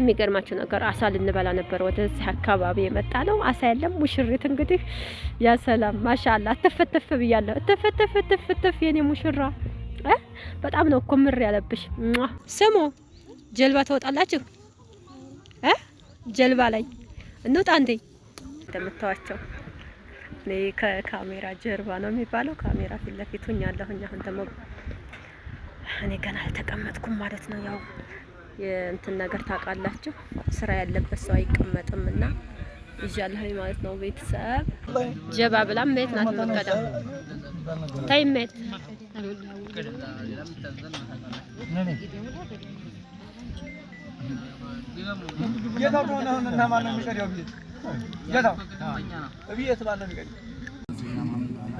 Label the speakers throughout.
Speaker 1: የሚገርማቸው ነገር አሳ ልንበላ ነበር ወደዚህ አካባቢ የመጣ ነው። አሳ የለም። ሙሽሪት እንግዲህ ያ ሰላም ማሻላ እትፍትፍ ብያለሁ። እትፍትፍ እትፍትፍ የኔ ሙሽራ በጣም ነው እኮ ምር ያለብሽ። ስሙ ጀልባ ተወጣላችሁ እ ጀልባ ላይ እንውጣ እንዴ እንደምታዋቸው እኔ ከካሜራ ጀርባ ነው የሚባለው። ካሜራ ፊት ለፊት ሁኛለሁኝ። አሁን ደግሞ እኔ ገና አልተቀመጥኩም ማለት ነው ያው የእንትን ነገር ታውቃላችሁ፣ ስራ ያለበት ሰው አይቀመጥም እና ይዣለሁ ማለት ነው። ቤተሰብ ጀባ ብላ መሄድ ናት የምትቀዳው። ተይ መሄድ ጌታው ከሆነ አሁን እና ማን ነው የሚቀዳው? ቤት ጌታው ቤት ማን ነው የሚቀዳው?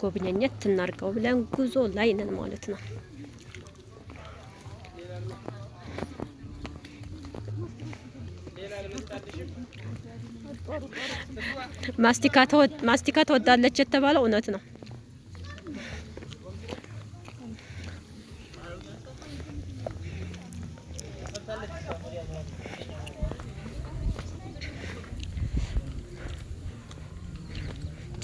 Speaker 1: ጎብኘኘት እናርገው ብለን ጉዞ ላይ ነን ማለት ነው። ማስቲካ ማስቲካ ትወዳለች የተባለው እውነት ነው።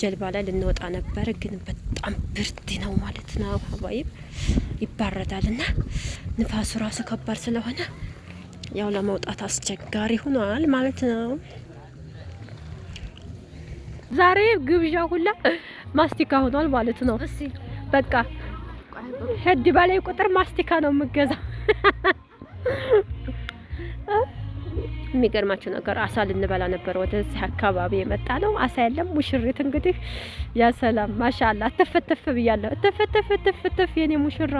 Speaker 1: ጀልባ ላይ ልንወጣ ነበር፣ ግን በጣም ብርድ ነው ማለት ነው። ሀባይም ይባረዳል እና ንፋሱ ራሱ ከባድ ስለሆነ ያው ለመውጣት አስቸጋሪ ሆኗል ማለት ነው። ዛሬ ግብዣ ሁላ ማስቲካ ሆኗል ማለት ነው። በቃ ሄድ ባላይ ቁጥር ማስቲካ ነው የምገዛ። የሚገርማቸው ነገር አሳ ልንበላ ነበር ወደዚህ አካባቢ የመጣ ነው። አሳ የለም። ሙሽሪት እንግዲህ ያ ሰላም ማሻላ ትፍትፍ ብያለሁ። ተፈተፈ ትፍትፍ የኔ ሙሽራ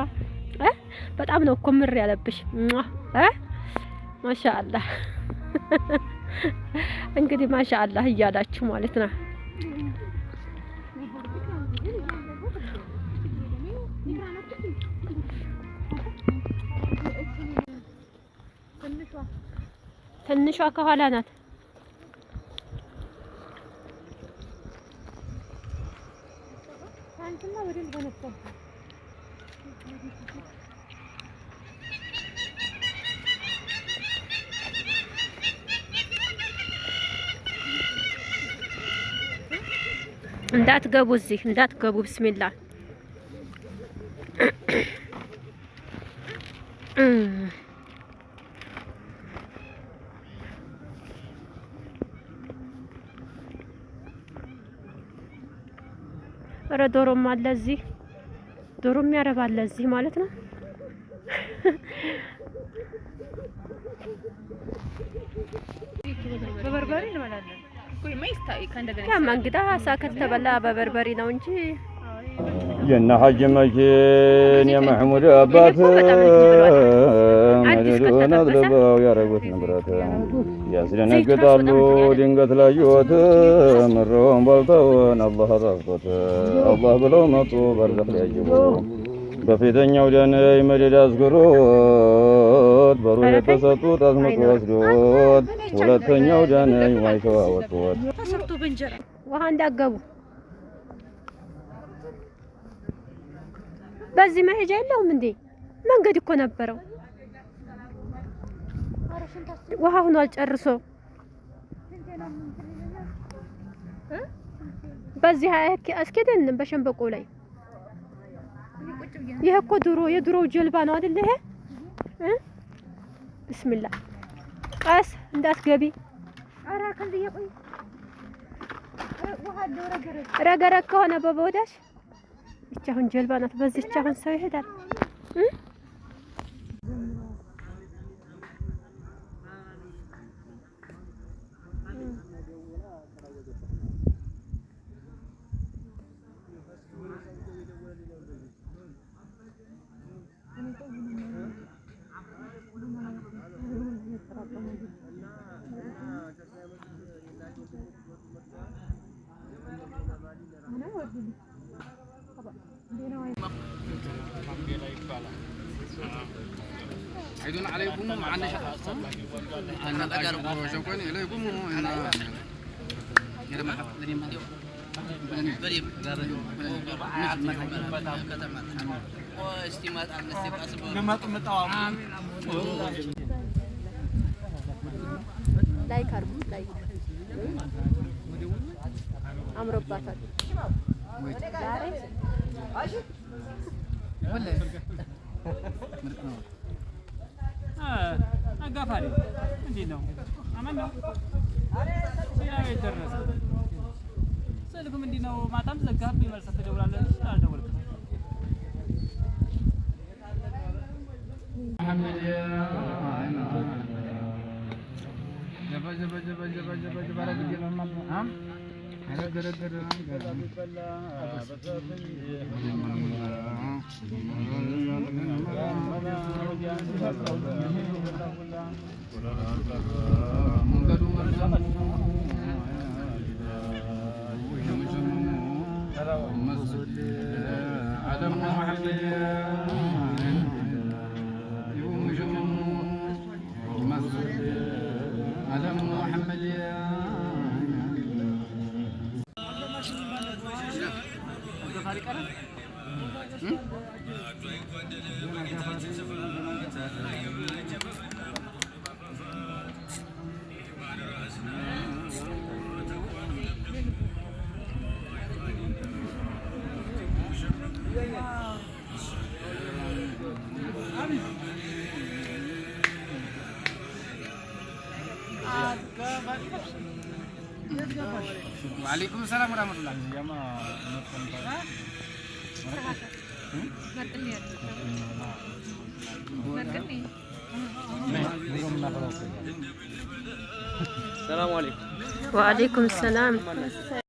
Speaker 1: በጣም ነው እኮ ምር ያለብሽ ማሻአላህ። እንግዲህ ማሻአላህ እያላችሁ ማለት ነው። ትንሿ ከኋላ ናት። እንዳትገቡ እዚህ እንዳትገቡ። ብስሚላ ኧረ ዶሮም አለ እዚህ ዶሮም ያረባለ እዚህ ማለት ነው። በበርበሬ እንበላለን። ያማ እንግዳ አሳ ከተበላ በበርበሬ ነው እንጂ
Speaker 2: የነ ሀጅ መኪን የመሐሙድ አባት መድዱን አጥልበው ያረጉት ንብረት ያስደነግጣሉ ድንገት ላዩት ምረውን በልተውን አላህ አጣፍቶት አላህ ብለው መጡ በርዘኽ ሊያጅቡ በፊተኛው ደነይ መደድ አስግሮት በሩህ የተሰጡት አዝምጦ ወስዶት ሁለተኛው ደነይ ዋይተዋ ተሰርቶ
Speaker 1: በእንጀራ ውሃ እንዳገቡ በዚህ መሄጃ የለውም እንዴ? መንገድ እኮ ነበረው። ውሃ ሁኗል ጨርሶ። በዚህ አስኬደንም በሸንበቆ ላይ ይሄ እኮ ድሮ የድሮው ጀልባ ነው አይደል? ይሄ ብስሚላ ቀስ እንዳትገቢ ረገረግ ከሆነ በቦዳሽ እቻ አሁን ጀልባ ናት። በዚህች አሁን ሰው ይሄዳል።
Speaker 3: عيدون عليكم معنا شخص أنا بقرب شكرا إليكم أنا
Speaker 4: إلى ما حق لي ما بريم واجتماعات عن نسيب أسبوع لما تمت أعمال
Speaker 1: ላይክ አርጉ ላይክ አምሮባታል
Speaker 5: አጋፋሪ እንዴት ነው? አመን ነው። ሌላው የደረሰ ስልክም እንዴት ነው? ማታም ዘጋብኝ። መልሰህ ትደውላለህ። አልደወልክም።
Speaker 6: ጀበ ጀበ መንገዱ
Speaker 7: መልካም
Speaker 8: ሳልቀረ
Speaker 9: وعليكم السلام عليكم
Speaker 10: وعليكم السلام